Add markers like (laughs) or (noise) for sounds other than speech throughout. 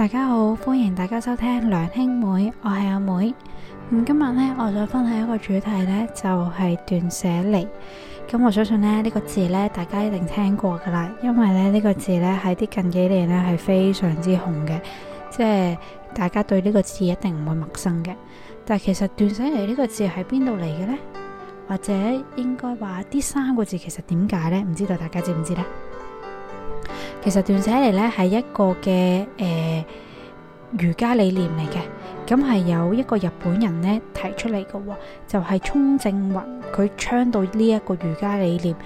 大家好，歡迎大家收聽梁兄妹，我係阿妹。咁今日咧，我想分享一個主題呢就係斷捨離。咁我相信咧，呢個字咧，大家一定聽過噶啦。因為咧，呢個字咧喺啲近幾年咧係非常之紅嘅，即係大家對呢個字一定唔會陌生嘅。但係其實斷捨離呢個字喺邊度嚟嘅呢？或者應該話啲三個字其實點解呢？唔知道大家知唔知呢？其實斷捨離咧係一個嘅誒、呃、瑜伽理念嚟嘅。咁，係有一個日本人咧提出嚟嘅，哦，就係、是、沖正弘，佢倡導呢一個瑜伽理念，誒、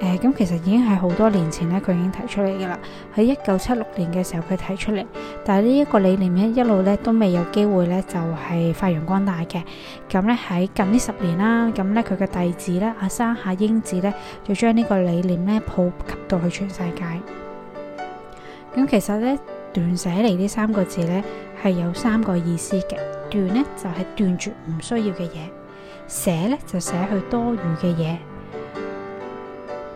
呃、咁其實已經係好多年前咧，佢已經提出嚟嘅啦，喺一九七六年嘅時候佢提出嚟，但係呢一個理念咧一路咧都未有機會咧就係、是、發揚光大嘅。咁咧，喺近呢十年啦，咁咧佢嘅弟子咧阿山下英子咧就將呢個理念咧普及到去全世界。咁其實咧，斷捨離呢三個字咧係有三個意思嘅。斷咧就係、是、斷絕唔需要嘅嘢，捨咧就捨去多餘嘅嘢，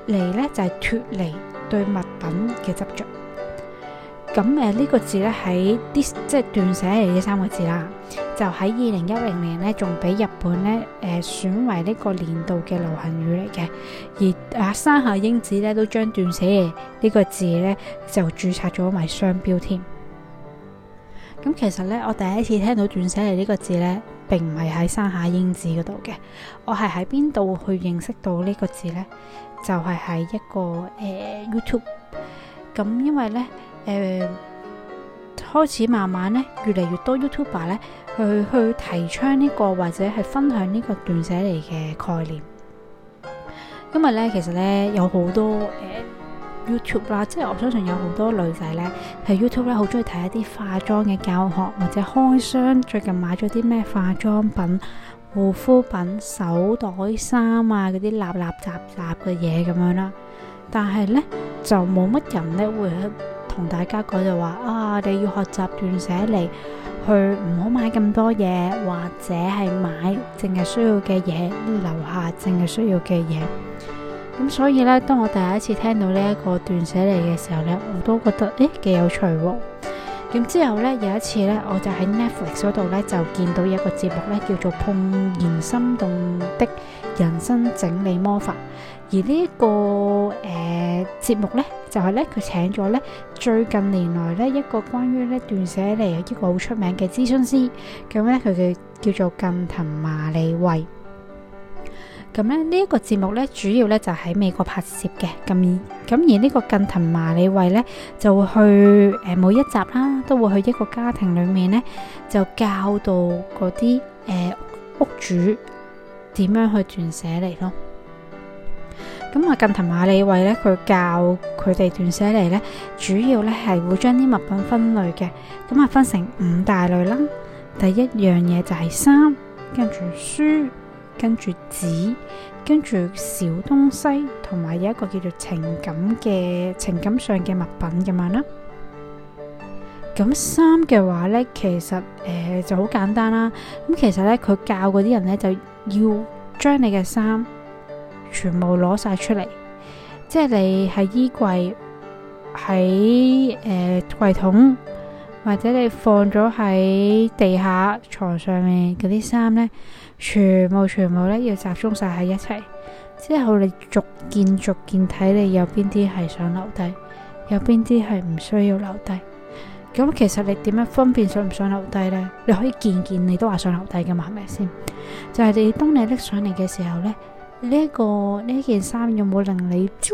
離咧就係、是、脫離對物品嘅執着。咁、嗯、誒，呢、這個字咧喺啲即係斷捨離呢三個字啦。就喺二零一零年呢，仲俾日本呢誒、呃、選為呢個年度嘅流行語嚟嘅。而啊山下英子呢，都將斷捨離呢個字呢，就註冊咗埋商標添。咁其實呢，我第一次聽到斷捨離呢個字呢，並唔係喺山下英子嗰度嘅。我係喺邊度去認識到呢個字呢？就係、是、喺一個誒、呃、YouTube 咁，因為呢，誒、呃、開始慢慢呢，越嚟越多 YouTuber 呢。去去提倡呢個或者係分享呢個斷捨離嘅概念，因為呢，其實呢，有好多 YouTube 啦，即係我相信有好多女仔呢，喺 YouTube 咧好中意睇一啲化妝嘅教學，或者開箱最近買咗啲咩化妝品、護膚品、手袋、啊、衫啊嗰啲立立雜雜嘅嘢咁樣啦，但係呢，就冇乜人呢會同大家講就話啊，你要學習斷捨離。去唔好買咁多嘢，或者係買淨係需要嘅嘢，留下淨係需要嘅嘢。咁所以咧，當我第一次聽到呢一個斷捨離嘅時候咧，我都覺得誒幾有趣。咁之後咧，有一次咧，我就喺 Netflix 嗰度咧就見到一個節目咧，叫做《怦然心動的人生整理魔法》，而呢一個誒節目咧。就係咧，佢請咗咧最近年來咧一個關於咧斷捨離啊，一個好出名嘅諮詢師，咁咧佢嘅叫做近藤麻理惠，咁咧呢一個節目咧主要咧就喺美國拍攝嘅，咁咁而呢個近藤麻理惠咧就會去誒每一集啦，都會去一個家庭裏面咧就教導嗰啲誒屋主點樣去斷捨離咯。咁啊，近藤麻理惠咧，佢教佢哋斷捨離咧，主要咧係會將啲物品分類嘅，咁啊分成五大類啦。第一樣嘢就係衫，跟住書，跟住紙，跟住小東西，同埋有一個叫做情感嘅情感上嘅物品咁樣啦。咁衫嘅話咧，其實誒就好簡單啦。咁其實咧，佢教嗰啲人咧，就要將你嘅衫。全部攞晒出嚟，即係你喺衣櫃、喺誒、呃、櫃桶，或者你放咗喺地下床上面嗰啲衫呢，全部全部呢要集中晒喺一齊。之後你逐件逐件睇，你有邊啲係想留低，有邊啲係唔需要留低。咁其實你點樣分辨想唔想留低呢？你可以件件你都話想留低㗎嘛，係咪先？就係、是、你當你拎上嚟嘅時候呢。呢一個呢，件衫有冇令你啾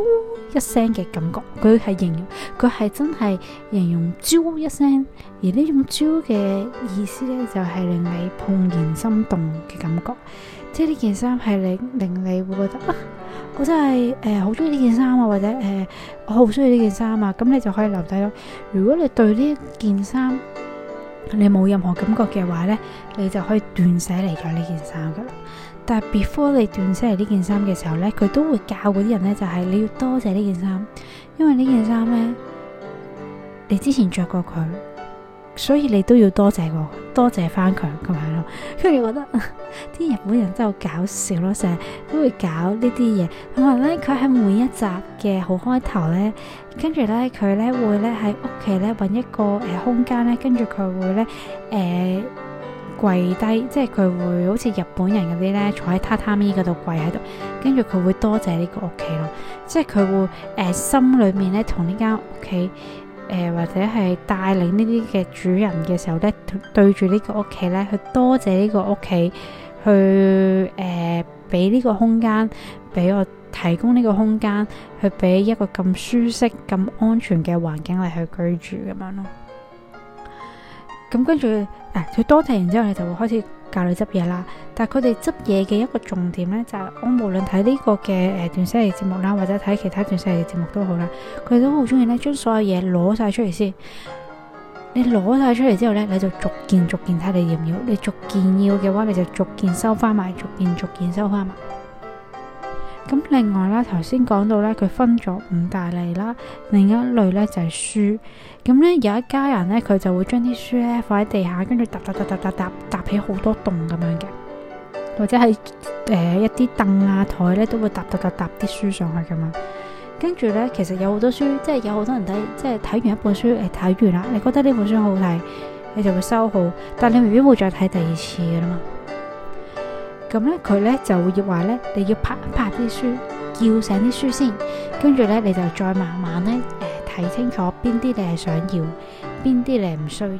一聲嘅感覺？佢係形容，佢係真係形容啾一聲。而呢種啾嘅意思呢，就係令你怦然心動嘅感覺。即係呢件衫係你令你會覺得啊，我真係誒好中意呢件衫啊，或者誒我好中意呢件衫啊，咁你就可以留低咯。如果你對呢件衫你冇任何感覺嘅話呢，你就可以斷捨離咗呢件衫噶啦。但係 before 你斷捨離呢件衫嘅時候呢，佢都會教嗰啲人呢，就係、是、你要多謝呢件衫，因為呢件衫呢，你之前着過佢，所以你都要多謝我，多謝翻佢咁樣咯。跟住 (laughs) 我覺得啲 (laughs) 日本人真係好搞笑咯，成日都會搞呢啲嘢。同埋呢，佢喺每一集嘅好開頭呢，跟住呢，佢呢會呢喺屋企呢，揾一個誒空間呢，跟住佢會呢。誒。跪低，即係佢會好似日本人嗰啲呢，坐喺榻榻米嗰度跪喺度，跟住佢會多謝呢個屋企咯。即係佢會誒、呃、心裏面呢，同呢間屋企誒或者係帶領呢啲嘅主人嘅時候呢，對住呢個屋企呢，去多謝呢個屋企，去誒俾呢個空間，俾我提供呢個空間，去俾一個咁舒適、咁安全嘅環境嚟去居住咁樣咯。咁、嗯、跟住，誒佢當睇完之後，你就會開始教你執嘢啦。但係佢哋執嘢嘅一個重點呢，就係、是、我無論睇呢個嘅、呃、段電視節目啦，或者睇其他電視節目都好啦，佢哋都好中意呢將所有嘢攞晒出嚟先。你攞晒出嚟之後呢，你就逐件逐件睇你要唔要。你逐件要嘅話，你就逐件收翻埋，逐件逐件收翻埋。咁另外啦，頭先講到咧，佢分咗五大類啦，另一類咧就係、是、書。咁咧有一家人咧，佢就會將啲書咧放喺地下，跟住搭搭搭搭搭搭，搭起好多棟咁樣嘅，或者係誒、呃、一啲凳啊檯咧、啊、都會搭搭搭搭啲書上去咁樣。跟住咧，其實有好多書，即係有好多人睇，即係睇完一本書嚟，睇完啦，你覺得呢本書好睇，你就會收好，但你未必會再睇第二次噶啦嘛。咁咧，佢咧就會話咧，你要拍一拍啲書，叫醒啲書先，跟住咧你就再慢慢咧誒睇清楚邊啲你係想要，邊啲你唔需要，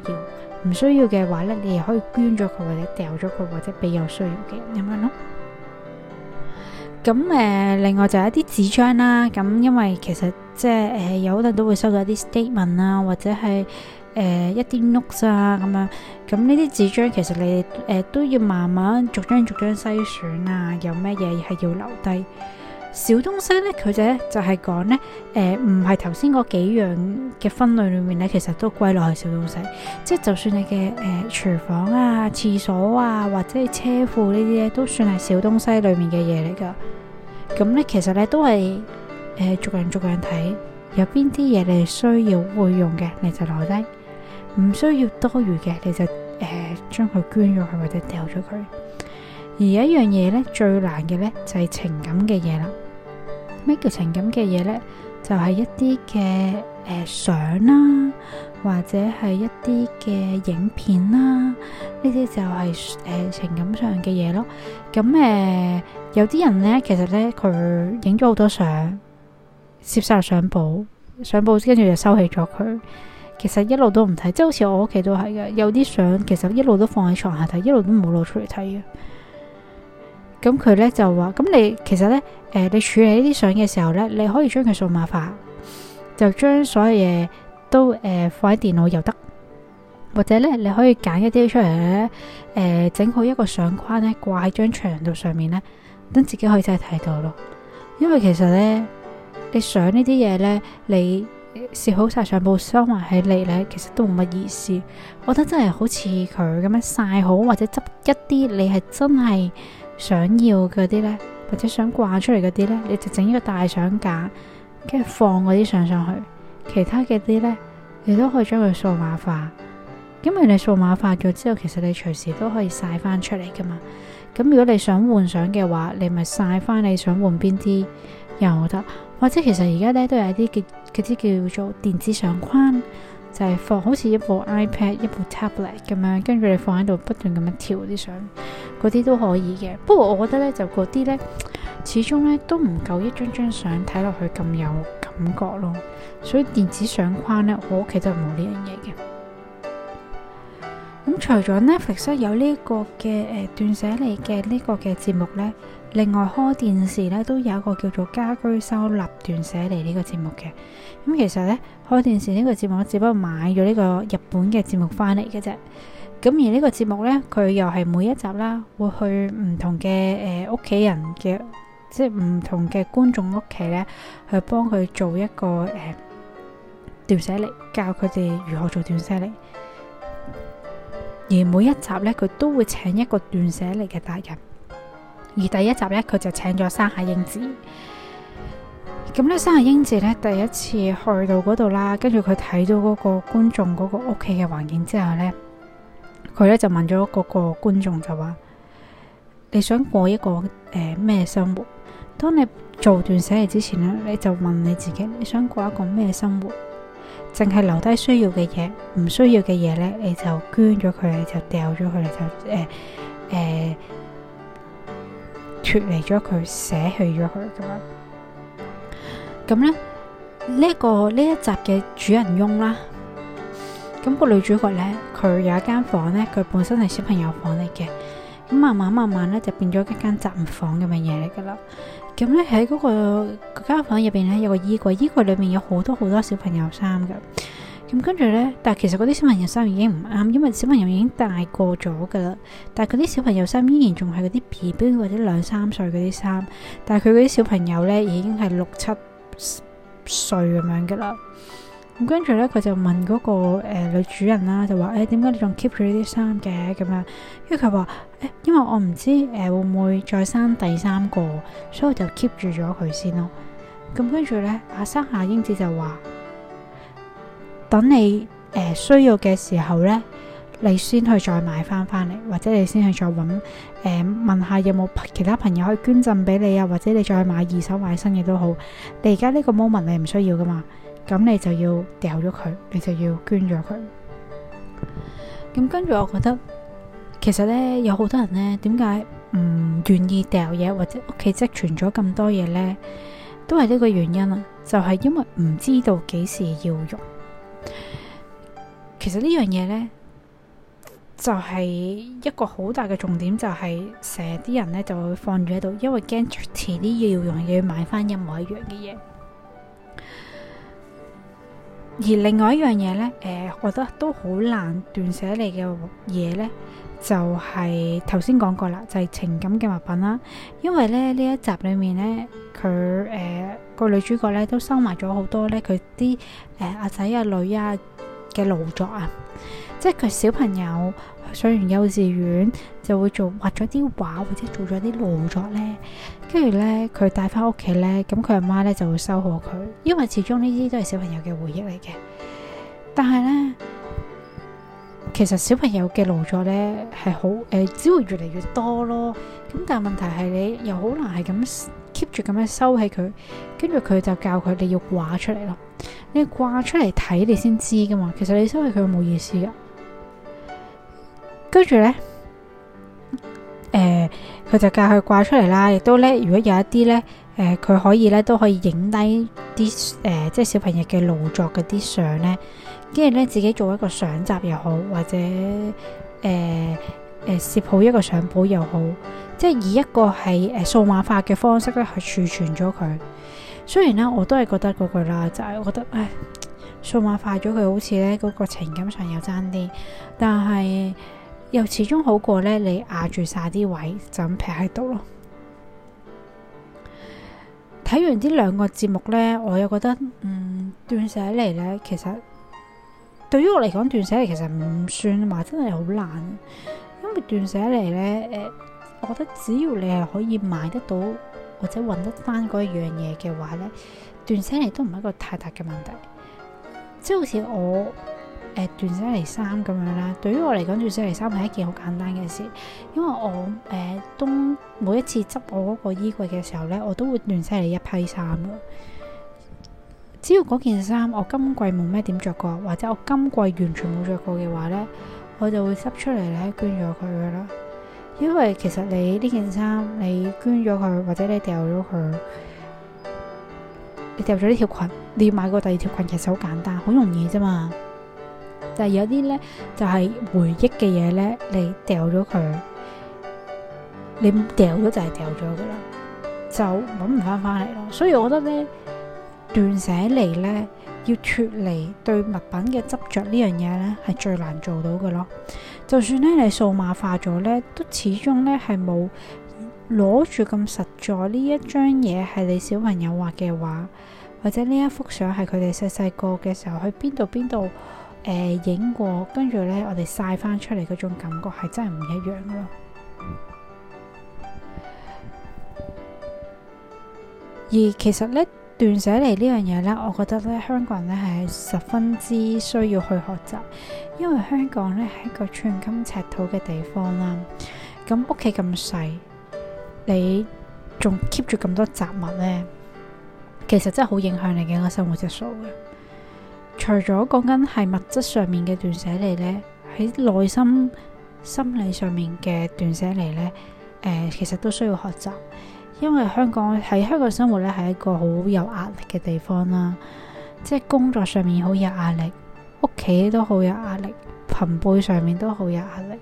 唔需要嘅話咧，你又可以捐咗佢或者掉咗佢或者俾有需要嘅人咁樣咯。咁誒，另外就係一啲紙張啦。咁因為其實即係誒，有好多人都會收到一啲 statement 啊，或者係。誒、呃、一啲屋咋咁樣咁呢啲紙張，其實你誒、呃、都要慢慢逐張逐張篩選啊。有咩嘢係要留低小東西呢，佢就就係講呢，誒、呃，唔係頭先嗰幾樣嘅分類裏面呢，其實都歸落去小東西，即係就算你嘅誒、呃、廚房啊、廁所啊或者係車庫呢啲呢，都算係小東西裡面嘅嘢嚟㗎。咁呢，其實呢都係誒、呃、逐個人逐個人睇，有邊啲嘢你需要會用嘅，你就留低。唔需要多餘嘅，你就誒，將佢捐咗佢或者掉咗佢。而一樣嘢咧，最難嘅咧就係、是、情感嘅嘢啦。咩叫情感嘅嘢咧？就係、是、一啲嘅誒相啦、啊，或者係一啲嘅影片啦、啊，呢啲就係、是、誒、呃、情感上嘅嘢咯。咁誒、呃、有啲人咧，其實咧佢影咗好多相，攝晒相簿，相簿跟住就收起咗佢。其實一路都唔睇，即係好似我屋企都係嘅，有啲相其實一路都放喺床下睇，一路都冇攞出嚟睇嘅。咁佢呢就話，咁你其實呢，誒、呃，你處理呢啲相嘅時候呢，你可以將佢數碼化，就將所有嘢都誒、呃、放喺電腦又得，或者呢，你可以揀一啲出嚟呢，誒、呃，整好一個相框呢，掛喺張牆度上面呢，等自己可以真係睇到咯。因為其實呢，你想呢啲嘢呢，你。蝕好晒上部收埋起嚟呢，其實都冇乜意思。我覺得真係好似佢咁樣晒好或者執一啲你係真係想要嗰啲呢，或者想掛出嚟嗰啲呢，你就整一個大相架，跟住放嗰啲相上去。其他嘅啲呢，你都可以將佢數碼化。因為你數碼化咗之後，其實你隨時都可以晒翻出嚟噶嘛。咁如果你想換相嘅話，你咪晒翻你想換邊啲又得。或者其實而家咧都有啲嘅啲叫做電子相框，就係、是、放好似一部 iPad、一部 tablet 咁樣，跟住你放喺度不斷咁樣跳啲相，嗰啲都可以嘅。不過我覺得咧，就嗰啲咧，始終咧都唔夠一張張相睇落去咁有感覺咯。所以電子相框咧，我屋企都係冇呢樣嘢嘅。咁除咗 Netflix 有呢個嘅誒斷捨離嘅呢個嘅節目咧。另外，開電視呢都有一個叫做《家居收納斷捨離》呢個節目嘅。咁其實呢，開電視呢個節目，我只不過買咗呢個日本嘅節目翻嚟嘅啫。咁而呢個節目呢，佢又係每一集啦，會去唔同嘅誒屋企人嘅，即係唔同嘅觀眾屋企呢，去幫佢做一個誒斷捨離，教佢哋如何做斷捨離。而每一集呢，佢都會請一個斷捨離嘅達人。而第一集呢，佢就請咗山下英子。咁呢，山下英子呢，第一次去到嗰度啦，跟住佢睇到嗰個觀眾嗰個屋企嘅環境之後呢，佢呢就問咗嗰個觀眾就話：你想過一個誒咩、呃、生活？當你做斷捨離嚟之前呢，你就問你自己：你想過一個咩生活？淨係留低需要嘅嘢，唔需要嘅嘢呢，你就捐咗佢，你就掉咗佢，你就誒誒。脫離咗佢，捨棄咗佢咁樣，咁咧呢個呢一集嘅主人翁啦，咁、個女主角咧，佢有一間房咧，佢本身係小朋友房嚟嘅，咁慢慢慢慢咧就變咗一間雜物房咁嘅嘢嚟噶啦，咁咧喺嗰個間房入邊咧有個衣櫃，衣櫃裏面有好多好多小朋友衫嘅。咁跟住呢，但係其實嗰啲小朋友衫已經唔啱，因為小朋友已經大個咗噶啦。但係佢啲小朋友衫依然仲係嗰啲 baby 或者兩三歲嗰啲衫。但係佢嗰啲小朋友呢已經係六七歲咁樣噶啦。咁跟住呢，佢就問嗰、那個誒、呃、女主人啦、啊，就話誒，點解你仲 keep 住呢啲衫嘅咁樣？因為佢話誒，因為我唔知誒、呃、會唔會再生第三個，所以我就 keep 住咗佢先咯。咁跟住呢，阿山下英子就話。等你誒、呃、需要嘅時候呢，你先去再買翻返嚟，或者你先去再搵，誒、呃、問下有冇其他朋友可以捐贈俾你啊，或者你再去買二手買新嘢都好。你而家呢個 moment 你唔需要噶嘛，咁你就要掉咗佢，你就要捐咗佢。咁跟住，我覺得其實呢，有好多人呢點解唔願意掉嘢，或者屋企積存咗咁多嘢呢，都係呢個原因啊，就係、是、因為唔知道幾時要用。其實呢樣嘢呢，就係、是、一個好大嘅重點、就是，就係成日啲人呢就會放住喺度，因為驚出遲啲要用嘢，買翻一模一樣嘅嘢。而另外一樣嘢呢，誒、呃，我覺得都好難斷捨離嘅嘢呢，就係頭先講過啦，就係、是、情感嘅物品啦。因為咧呢一集裏面呢，佢誒、呃、個女主角呢都收埋咗好多呢，佢啲誒阿仔阿女啊。嘅勞作啊，即係佢小朋友上完幼稚園就會做畫咗啲畫，或者做咗啲勞作呢。跟住呢，佢帶翻屋企呢，咁佢阿媽呢就會收好佢，因為始終呢啲都係小朋友嘅回憶嚟嘅。但係呢，其實小朋友嘅勞作呢係好誒，只會越嚟越多咯。咁但係問題係你又好難係咁。keep 住咁樣收起佢，跟住佢就教佢，你要掛出嚟咯。你要掛出嚟睇，你先知噶嘛。其實你收起佢冇意思噶。跟住呢，誒、呃，佢就教佢掛出嚟啦。亦都呢，如果有一啲呢，誒、呃，佢可以呢都可以影低啲誒，即係小朋友嘅勞作嗰啲相呢。跟住呢，自己做一個相集又好，或者誒誒攝好一個相簿又好。即係以一個係誒數碼化嘅方式咧，去儲存咗佢。雖然咧，我都係覺得嗰句啦，就係我覺得誒數碼化咗佢，好似咧嗰個情感上又爭啲，但係又始終好過咧你壓住晒啲位就咁劈喺度咯。睇完呢兩個節目咧，我又覺得嗯斷捨離咧，其實對於我嚟講，斷捨離其實唔算話，真係好難，因為斷捨離咧誒。呃我覺得只要你係可以買得到或者揾得翻嗰一樣嘢嘅話呢，斷捨離都唔係一個太大嘅問題。即係好似我誒斷捨離衫咁樣啦，對於我嚟講，斷捨離衫係一件好簡單嘅事，因為我誒都、呃、每一次執我嗰個衣櫃嘅時候呢，我都會斷捨離一批衫噶只要嗰件衫我今季冇咩點着過，或者我今季完全冇着過嘅話呢，我就會執出嚟咧捐咗佢噶啦。因為其實你呢件衫你捐咗佢，或者你掉咗佢，你掉咗呢條裙，你要買過第二條裙其實好簡單，好容易啫嘛。但係有啲呢，就係回憶嘅嘢呢，你掉咗佢，你掉咗就係掉咗噶啦，就揾唔翻翻嚟咯。所以我覺得呢，斷捨離呢，要脫離對物品嘅執着呢樣嘢呢，係最難做到嘅咯。就算咧你數碼化咗呢，都始終呢係冇攞住咁實在呢，一張嘢係你小朋友畫嘅畫，或者呢一幅相係佢哋細細個嘅時候去邊度邊度影過，跟住呢，我哋晒翻出嚟嗰種感覺係真係唔一樣咯。而其實呢。斷捨離呢樣嘢呢，我覺得咧，香港人咧係十分之需要去學習，因為香港咧係一個寸金尺土嘅地方啦。咁屋企咁細，你仲 keep 住咁多雜物呢，其實真係好影響你嘅一個生活質素嘅。除咗講緊係物質上面嘅斷捨離呢，喺內心、心理上面嘅斷捨離呢，誒、呃，其實都需要學習。因為香港喺香港生活咧，係一個好有壓力嘅地方啦。即係工作上面好有壓力，屋企都好有壓力，朋輩上面都好有壓力。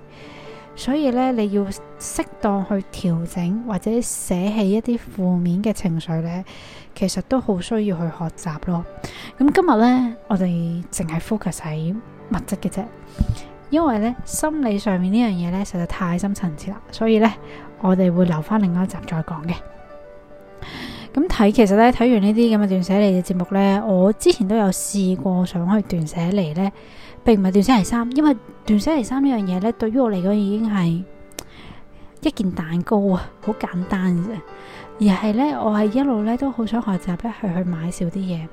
所以咧，你要適當去調整或者捨棄一啲負面嘅情緒咧，其實都好需要去學習咯。咁今日咧，我哋淨係 focus 喺物質嘅啫，因為咧心理上面呢樣嘢咧，實在太深層次啦，所以咧。我哋會留翻另外一集再講嘅。咁睇其實咧，睇完呢啲咁嘅斷捨離嘅節目呢，我之前都有試過想去斷捨離呢，並唔係斷捨離衫，因為斷捨離衫呢樣嘢呢，對於我嚟講已經係一件蛋糕啊，好簡單。而係呢，我係一路呢都好想學習咧去去買少啲嘢，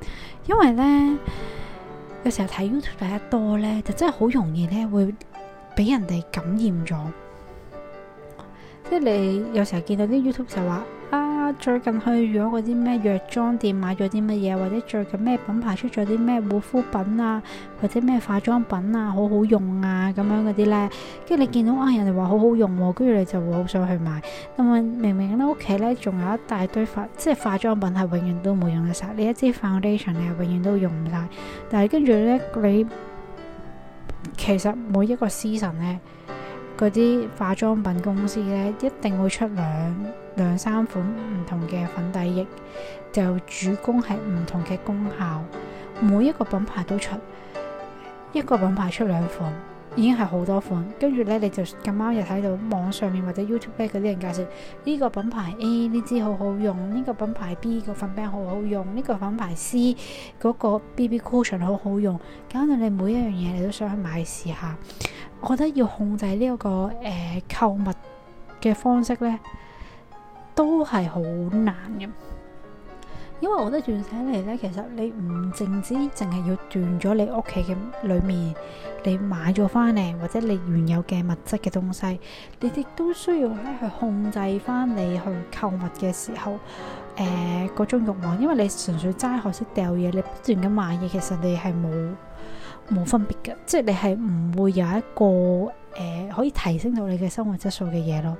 因為呢，有時候睇 YouTube 睇得多呢，就真係好容易呢會俾人哋感染咗。即係你有時候見到啲 YouTube 就話啊，最近去咗嗰啲咩藥妝店買咗啲乜嘢，或者最近咩品牌出咗啲咩護膚品啊，或者咩化妝品啊，好好用啊，咁樣嗰啲呢。跟住你見到啊人哋話好好用，啊，跟住你就會好想去買。咁明明咧屋企呢仲有一大堆化，即係化妝品係永遠都冇用晒，你一支 foundation 你係永遠都用唔晒，但係跟住呢，你其實每一個 season 咧。嗰啲化妝品公司咧，一定會出兩兩三款唔同嘅粉底液，就主攻係唔同嘅功效。每一個品牌都出一個品牌出兩款，已經係好多款。跟住咧，你就咁啱又睇到網上面或者 YouTube 嗰啲人介紹，呢個品牌 A 呢支好好用，呢個品牌 B 個粉餅好好用，呢個品牌 C 嗰個 BB cushion 好好用，搞到你每一樣嘢你都想去買試下。我覺得要控制呢、這、一個誒購、呃、物嘅方式呢，都係好難嘅。因為我覺得斷捨離呢，其實你唔淨止淨係要斷咗你屋企嘅裏面你買咗翻嚟，或者你原有嘅物質嘅東西，你亦都需要咧去控制翻你去購物嘅時候嗰、呃、種欲望。因為你純粹齋學識掉嘢，你不斷咁買嘢，其實你係冇。冇分別嘅，即係你係唔會有一個誒、呃、可以提升到你嘅生活質素嘅嘢咯。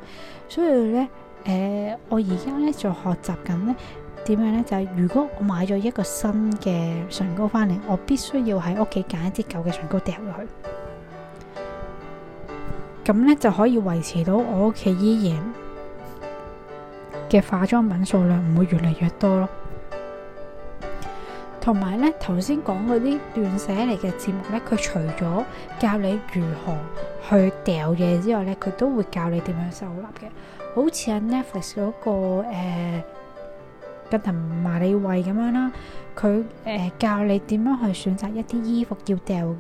所以咧，誒、呃、我而家咧就學習緊咧點樣咧，就係、是、如果我買咗一個新嘅唇膏翻嚟，我必須要喺屋企揀一支舊嘅唇膏掉落去，咁咧就可以維持到我屋企依然嘅化妝品數量唔會越嚟越多咯。同埋咧，頭先講嗰啲斷捨離嘅節目咧，佢除咗教你如何去掉嘢之外咧，佢都會教你點樣收納嘅。好似喺、啊、Netflix 嗰、嗰個近藤麻理惠》咁樣啦，佢、呃、誒教你點樣去選擇一啲衣服要掉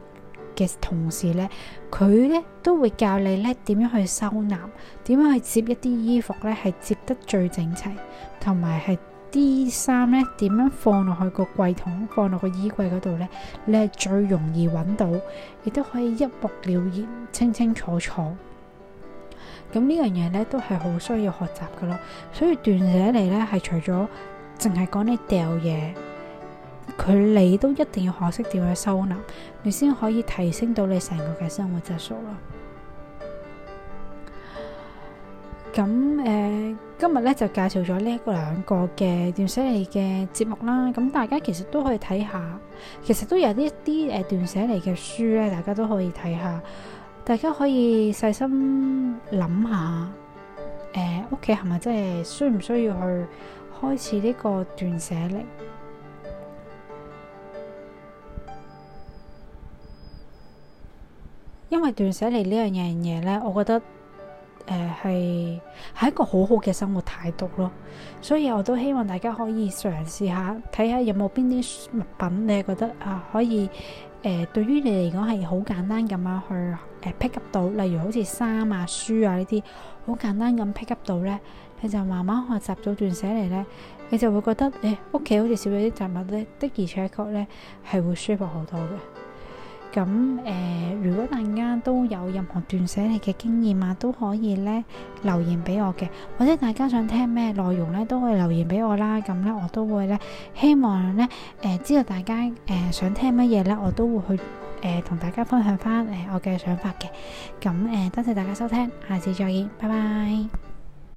嘅同時咧，佢咧都會教你咧點樣去收納，點樣去摺一啲衣服咧係摺得最整齊，同埋係。啲衫咧點樣放落去個櫃桶，放落個衣櫃嗰度呢？你係最容易搵到，亦都可以一目了然，清清楚楚。咁呢樣嘢呢，都係好需要學習噶咯。所以斷捨離呢，係除咗淨係講你掉嘢，佢你都一定要學識點樣收納，你先可以提升到你成個嘅生活質素咯。咁誒，今日咧就介紹咗呢兩個嘅斷捨離嘅節目啦。咁大家其實都可以睇下，其實都有啲啲誒斷捨離嘅書咧，大家都可以睇下。大家可以細心諗下，誒屋企係咪真係需唔需要去開始呢個斷捨離？因為斷捨離呢樣嘢咧，我覺得。誒，係係、呃、一個好好嘅生活態度咯，所以我都希望大家可以嘗試下，睇下有冇邊啲物品咧，你覺得啊、呃、可以誒、呃，對於你嚟講係好簡單咁啊，去誒 pick up 到，例如好似衫啊、書啊呢啲，好簡單咁 pick up 到呢。你就慢慢學習，咗斷捨離呢，你就會覺得你屋企好似少咗啲雜物咧，的而且確呢係會舒服好多嘅。咁誒、呃，如果大家都有任何斷捨離嘅經驗啊，都可以咧留言俾我嘅，或者大家想聽咩內容咧，都可以留言俾我啦。咁咧，我都會咧，希望咧，誒、呃，知道大家誒、呃、想聽乜嘢咧，我都會去誒同、呃、大家分享翻誒我嘅想法嘅。咁誒、呃，多謝大家收聽，下次再見，拜拜。